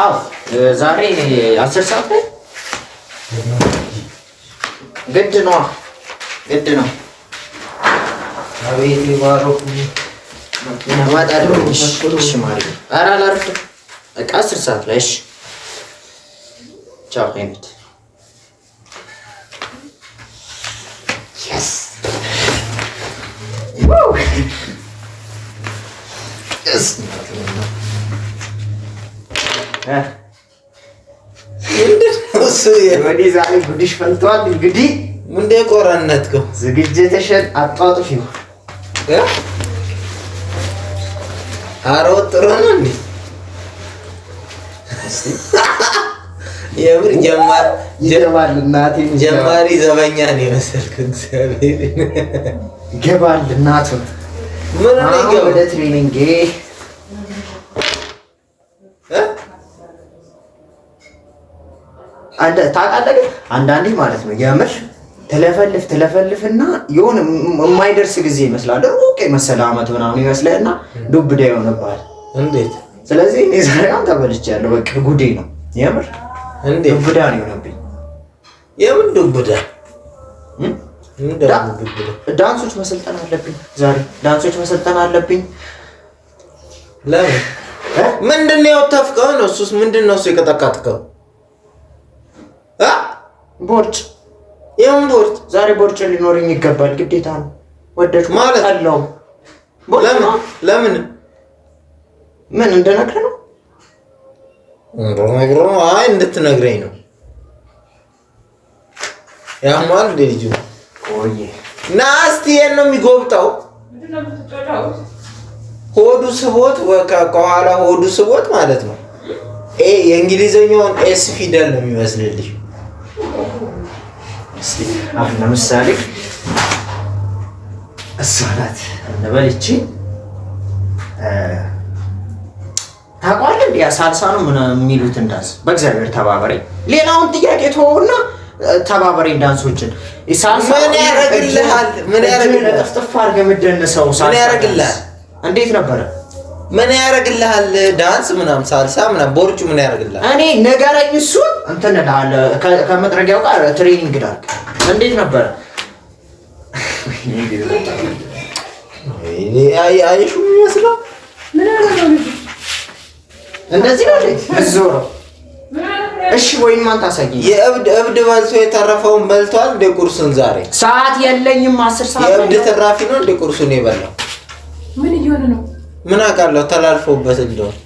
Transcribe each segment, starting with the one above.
አዎ ዛሬ አስር ሰዓት ላይ ግድ ነው ግድ ነው። ኧረ አላርፍም። አስር ሰዓት ላይ እሺ። ቻው ሄነት ወዲህ ዛሬ ጉድሽ ፈልቷል። እንግዲህ ምንደ ቆራነትከው ዝግጅትሽን አጧጥፊ ነው። ወጥሮ ነው እንዴ? የምር ጀማል እናቴ ጀማሪ ዘበኛ ነው የመሰልክ። እግዚአብሔር ይገባል እናቱ ምን ነው ወደ ትሬኒንግ ታውቃለህ። ግን አንዳንዴ ማለት ነው የምር ትለፈልፍ ትለፈልፍና የሆነ የማይደርስ ጊዜ ይመስላል ሩቅ የመሰለ ዓመት ምናምን ይመስለህና ዱብዳ ይሆንብሃል። እንዴት? ስለዚህ እኔ ዛሬ አንተ በልቻለሁ። በቃ ጉዴ ነው የምር። እንዴት ዱብዳ ነው የሆነብኝ? የምን ዱብዳ? ዳንሶች መሰልጠን አለብኝ ዛሬ፣ ዳንሶች መሰልጠን አለብኝ። ለምን ምንድን ነው ያወጣፍከው ነው? እሱስ ምንድን ነው እሱ የቀጠቃጥከው ቦርጭ ይህም ቦርጭ ዛሬ ቦርጭ ሊኖርኝ ይገባል፣ ግዴታ ነው። ወደድኩ ማለት አለው። ለምን ምን እንደነግር ነው እንደነግር ነው። አይ እንድትነግረኝ ነው። ያማል እንደ ልጁ ቆይ ና የት ነው የሚጎብጠው? ሆዱ ስቦት ከኋላ ሆዱ ስቦት ማለት ነው። የእንግሊዝኛውን ኤስ ፊደል ነው የሚመስልልሽ አሁን ለምሳሌ እሷ ናት እንበል። ይቺ ታውቀዋለህ እንደ ሳልሳ ነው የሚሉት እንዳንስ በእግዚአብሔር ተባበሬ። ሌላውን ጥያቄ ተወውና ተባበሬ እንዳንሶችን ምን ያደርግልሃል? ምን ያደርግልሃል? ጥፍጥፍ አድርገህ የምትደንሰው ሳልሳ እንዴት ነበረ? ምን ያደርግልሃል? ዳንስ ምናምን ሳልሳ ምናምን ቦርጩ ምን ያደርግልሃል? እኔ ነገረኝ። እሱ እንትን እልሃለሁ ከመጥረጊያው ጋር ትሬኒንግ ዳርክ እንዴት ነበረ? አይሹ ይመስላል። እንደዚህ ነው እዞ ነው። እሺ ወይም አንተ አሳየኝ። የእብድ እብድ በልቶ የተረፈውን በልቷል እንደ ቁርሱን። ዛሬ ሰዓት የለኝም። አስር ሰዓት የእብድ ትራፊ ነው እንደ ቁርሱን የበላው ምን እየሆነ ነው? ምን አውቃለሁ ተላልፎበት እንደሆነ።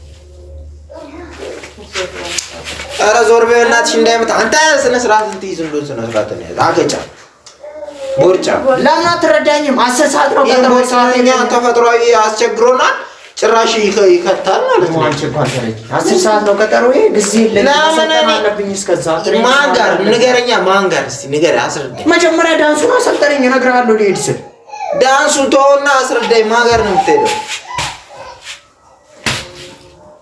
ኧረ ዞር በይ እናትሽ እንዳይመጣ። አንተ ስነ ስርዓት እንትይዝ እንደሆነ ስነ ስርዓት ነው ያዝ። አገጫ ቦርጫ ለምን አትረዳኝም? አሰሳት ነው ተፈጥሯዊ አስቸግሮናል። ጭራሽ ይከታል ማለት ነው። አንቺ እንኳን ተረጂ አስር ሰዓት ነው ቀጠሮ። ጊዜ ለምን አለብኝ? እስከዛ ማን ጋር ንገረኛ፣ ማን ጋር እስኪ ንገረኝ፣ አስረዳኝ። መጀመሪያ ዳንሱን አሰልጠረኝ፣ እነግርሃለሁ። ልሄድ ስል ዳንሱን ተወውና አስረዳኝ። ማን ጋር ነው የምትሄደው?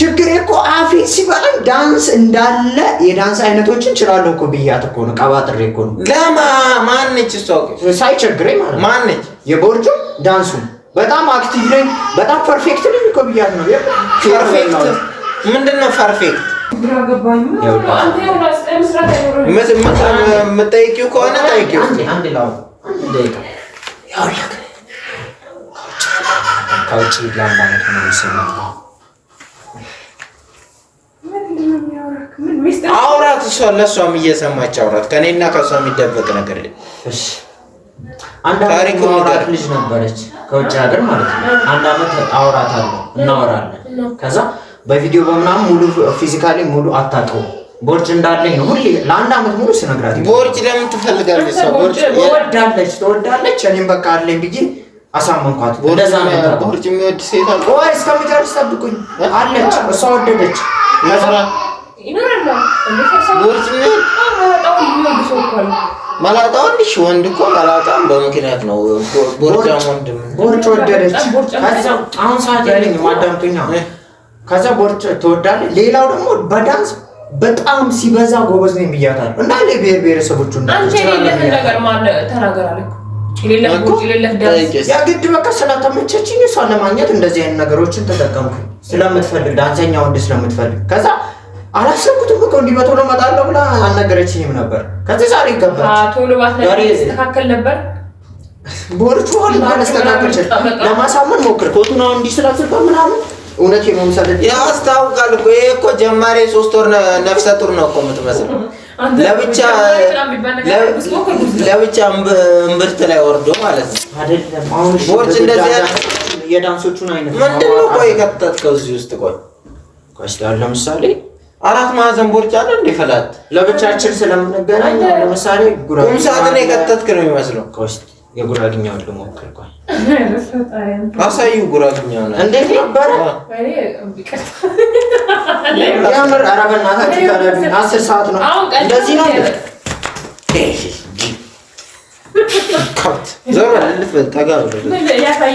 ችግር እኮ አፊ ሲበላኝ ዳንስ እንዳለ የዳንስ አይነቶችን ችላለሁ እኮ ብያት እኮ ነው። ቀባጥሬ እኮ ነው። ለማ ማነች? እሷ ሳይቸግረኝ ማለት ማነች? የቦርጆ ዳንሱ በጣም አክቲቭ ነኝ፣ በጣም ፐርፌክት ነኝ እኮ ብያት ነው። ፐርፌክት ምንድን ነው ፐርፌክት? የምጠይቂው ከሆነ ጠይቂው። ከውጭ ላምባ ነው አውራት እሷ ለእሷም እየሰማች አውራት። ከእኔና ከእሷ የሚደበቅ ነገር ታሪኩ አውራት ልጅ ነበረች ከውጭ ሀገር ማለት ነው። አንድ አመት አውራት አለ እናወራለን። ከዛ በቪዲዮ በምናምን ሙሉ ፊዚካሊ ሙሉ አታውቀውም። ቦርጭ እንዳለኝ ነው ሁሌ ለአንድ አመት ሙሉ ስነግራት፣ ቦርጭ ለምን ትፈልጋለች? ቦርጭ ወዳለች ትወዳለች። እኔም በቃ አለኝ ብዬ አሳመንኳት። ወደዛ ነው ቦርጭ የሚወድ ሴት አለ ወይ? እስከምጨርስ ጠብቁኝ አለች። እሷ ወደደች ለስራ መላጣውን እሺ፣ ወንድ እኮ መላጣም በምክንያት ነው። ቦርጫም ወንድ ቦርጭ ወደደች። አሁን ሰዓት የለኝም፣ አዳምጡኛ። ከዛ ቦርጭ ሌላው ደግሞ በዳንስ በጣም ሲበዛ ጎበዝ ነው የሚያታል እና ለብሔር ብሔረሰቦቹ ያ ግድ በቃ ስለተመቸችኝ እሷን ለማግኘት እንደዚህ አይነት ነገሮችን ተጠቀምኩኝ። ስለምትፈልግ ዳንሰኛ ወንድ ስለምትፈልግ ከዛ አላሰብኩትም እኮ እንዲህ በቶሎ እመጣለሁ ብላ አልነገረችኝም ነበር። ከዚህ ዛሬ ይገባል ቶሎ ባትነግረኝ ነበር። ቦርቹን አላስተካከልች ለማሳመን ሞክር። ኮቱን አሁን እንዲህ ስላስባ ምናምን እውነት የመምሰል ያስታውቃል እኮ ይሄ እኮ ጀማሪ ሶስት ወር ነፍሰ ጡር ነው እኮ የምትመስለው። ለብቻ ለብቻ እምብርት ላይ ወርዶ ማለት ነው። ቦርጭ እንደዚህ የዳንሶቹን አይነት ምንድን ነው ቆይ የከተትከው እዚህ ውስጥ ቆይ ቆይ ለምሳሌ አራት ማዕዘን ቦርጭ አለ እንዴ? ፈላት ለብቻችን ስለምንገናኝ ለምሳሌ ቁም ሳጥን የቀጠትክ ነው የሚመስለው። ከውስጥ የጉራግኛውን ልሞክር። ቆይ አሳዩ። ጉራግኛ ነው እንዴት ነበረ? የምር ኧረ በእናታችሁ ታዲያ አስር ሰዓት ነው እንደዚህ ነው። ከብት ዘመን አልልፍ ጠጋ ብሎ ያሳዩ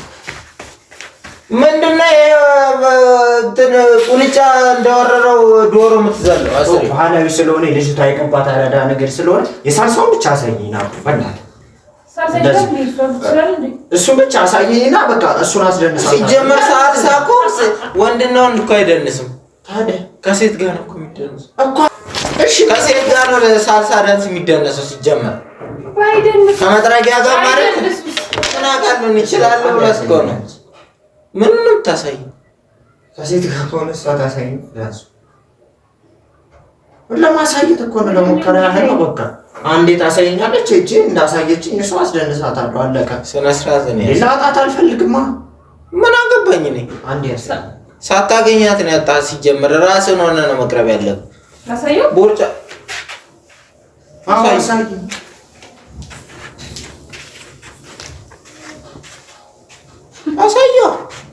ምንድነው ቁንጫ እንደወረረው ዶሮ የምትዘለው? ባህላዊ ስለሆነ የልጅቷ የቀባት አራዳ ነገር ስለሆነ የሳልሳውን ብቻ አሳየኝና በእናትህ እሱን ብቻ አሳየኝና በቃ እሱን አስደንሳ። ሲጀመር ሳልሳ እኮ ወንድና ወንድ እኮ አይደንስም። ታዲያ ከሴት ጋር ነው የሚደነሰው እኮ። እሺ ከሴት ጋር ነው ሳልሳ ዳንስ የሚደነሰው ሲጀመር ከመጥረጊያ ጋር ማለት ምን አውቃለሁ። እችላለሁ ብለህ ነው ምንም ታሳይ ከሴት ጋር ከሆነ እሷ ታሳይ ራሱ ለማሳየት እኮ ነው፣ ለሞከራ ያህል ነው። በቃ አንዴ ታሳየኛለች እጅ እንዳሳየችኝ እሷ አስደንሳታለሁ። አለቀ። ስነ ስርዓት ነው። ላጣት አልፈልግማ። ምን አገባኝ እኔ። አንዴ ሳታገኛት ነው ያጣት። ሲጀምር ራስን ሆነ ነው መቅረብ ያለብህ። ቦርጫ አሳየው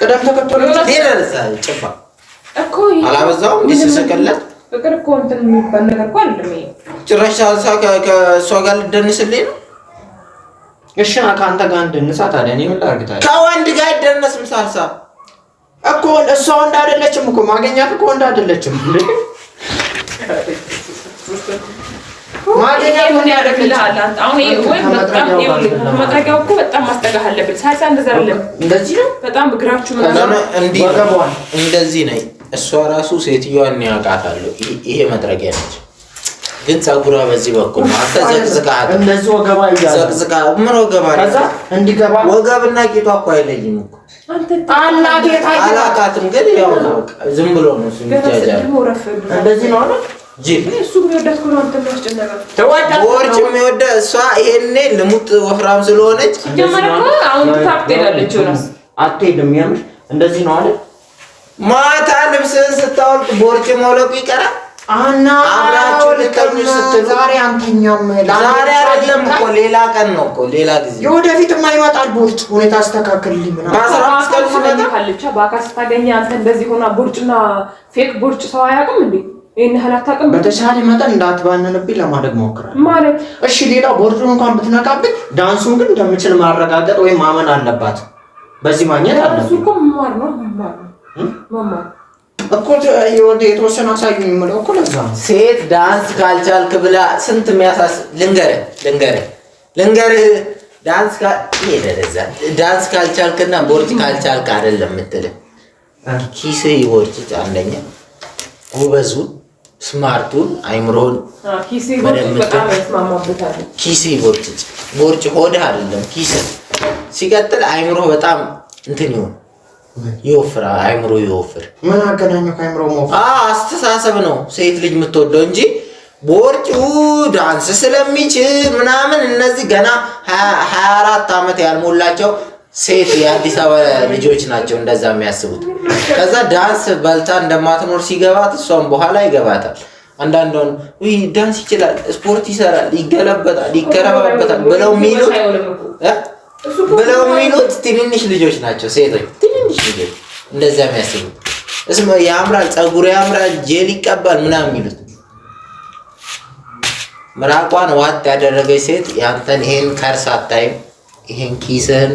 ቅደም ተከተሉ ጭፋ እኮ አላበዛውም። እንዲስስቅለት ፍቅር እኮ እንትን የሚባል ነገር እኮ አለ። ጭራሽ ሳልሳ ከእሷ ጋር ልደንስልኝ ነው? እሺ ከአንተ ጋር እንደነሳ። ታዲያ እኔ ምን ላድርግ? ታዲያ ከወንድ ጋር አይደነስም። ሳልሳ እኮ እሷ ወንድ አይደለችም እኮ ማገኛት እኮ ወንድ አይደለችም። መጥረጊያው እኮ በጣም ማስጠጋት አለብን። ሳይሳ እንደዛ አይደለም። እንደዚህ ነው። በጣም እግራችሁ እንደዚህ ነኝ። እሷ ራሱ ሴትዮዋን ያውቃታለሁ። ይሄ መጥረጊያ ነች፣ ግን ፀጉሯ በዚህ በኩል ምን ወገባ ወገብና ቂጧ እኮ አይለይም እኮ አላቃትም፣ ግን ያው ዝም ብሎ ነው እንደዚህ ነው። የሚወደ እሷ ይሄኔ ልሙጥ ወፍራም ስለሆነች አትሄድም። የምር እንደዚህ ነው አለ። ማታ ልብስህን ስታወልቅ ቦርጭ መውለቁ ይቀራል። አና አብራችሁ ዛሬ አንተኛም። ዛሬ አይደለም እኮ ሌላ ቀን ነው እኮ ሌላ ጊዜ የወደፊት ቦርጭ ሁኔታ አስተካክልልኝ ምናምን አምስት ቀን በአካል አንተ እንደዚህ ሆና ቦርጭና ፌክ ቦርጭ ሰው አያውቅም እንዴ? ይሄን ያህል አታውቅም። በተሻለ መጠን እንዳትባንንብኝ ለማድረግ ሞክራለሁ ማለት እሺ። ሌላ ቦርዱ እንኳን ብትነቃብኝ፣ ዳንሱን ግን እንደምችል ማረጋገጥ ወይም ማመን አለባት። በዚህ ማግኘት አለ እኮ መማር ነው መማር እኮ የተወሰነ አሳዩኝ የምለው እኮ ለዛ ነው። ሴት ዳንስ ካልቻልክ ብላ ስንት የሚያሳስ ልንገርህ ልንገርህ ልንገርህ ዳንስ ካልቻልክና ቦርጭ ካልቻልክ አይደለም የምትልህ ኪስህ ቦርጭ አንደኛ ጎበዙ ስማርቱን አይምሮን ኪሴ ቦርጭጭ ቦርጭ ሆድህ አይደለም ኪሴ። ሲቀጥል አይምሮ በጣም እንትን ይሆን ይወፍራ አይምሮ ይወፍር። ምን አገናኘው ከአይምሮ መወፍ? አስተሳሰብ ነው ሴት ልጅ የምትወደው እንጂ ቦርጩ ዳንስ ስለሚችል ምናምን እነዚህ ገና ሀያ ዓመት ያልሞላቸው ሴት የአዲስ አበባ ልጆች ናቸው እንደዛ የሚያስቡት። ከዛ ዳንስ በልታ እንደማትኖር ሲገባት እሷም በኋላ ይገባታል። አንዳንዷን ውይ ዳንስ ይችላል፣ ስፖርት ይሰራል፣ ይገለበጣል፣ ይከረባበታል ብለው የሚሉት ብለው የሚሉት ትንንሽ ልጆች ናቸው። ሴቶች ትንንሽ ልጆች እንደዚ የሚያስቡት እስመ ያምራል፣ ፀጉር ያምራል፣ ጄል ይቀባል ምናምን የሚሉት ምራቋን ዋጥ ያደረገች ሴት ያንተን ይሄን ከርስ አታይም፣ ይሄን ኪስህን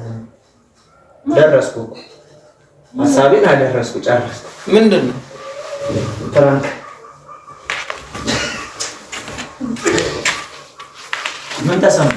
ደረስኩ። ሀሳቤን አደረስኩ፣ ጨረስኩ። ምንድን ነው ፕራንክ? ምን ተሰማ?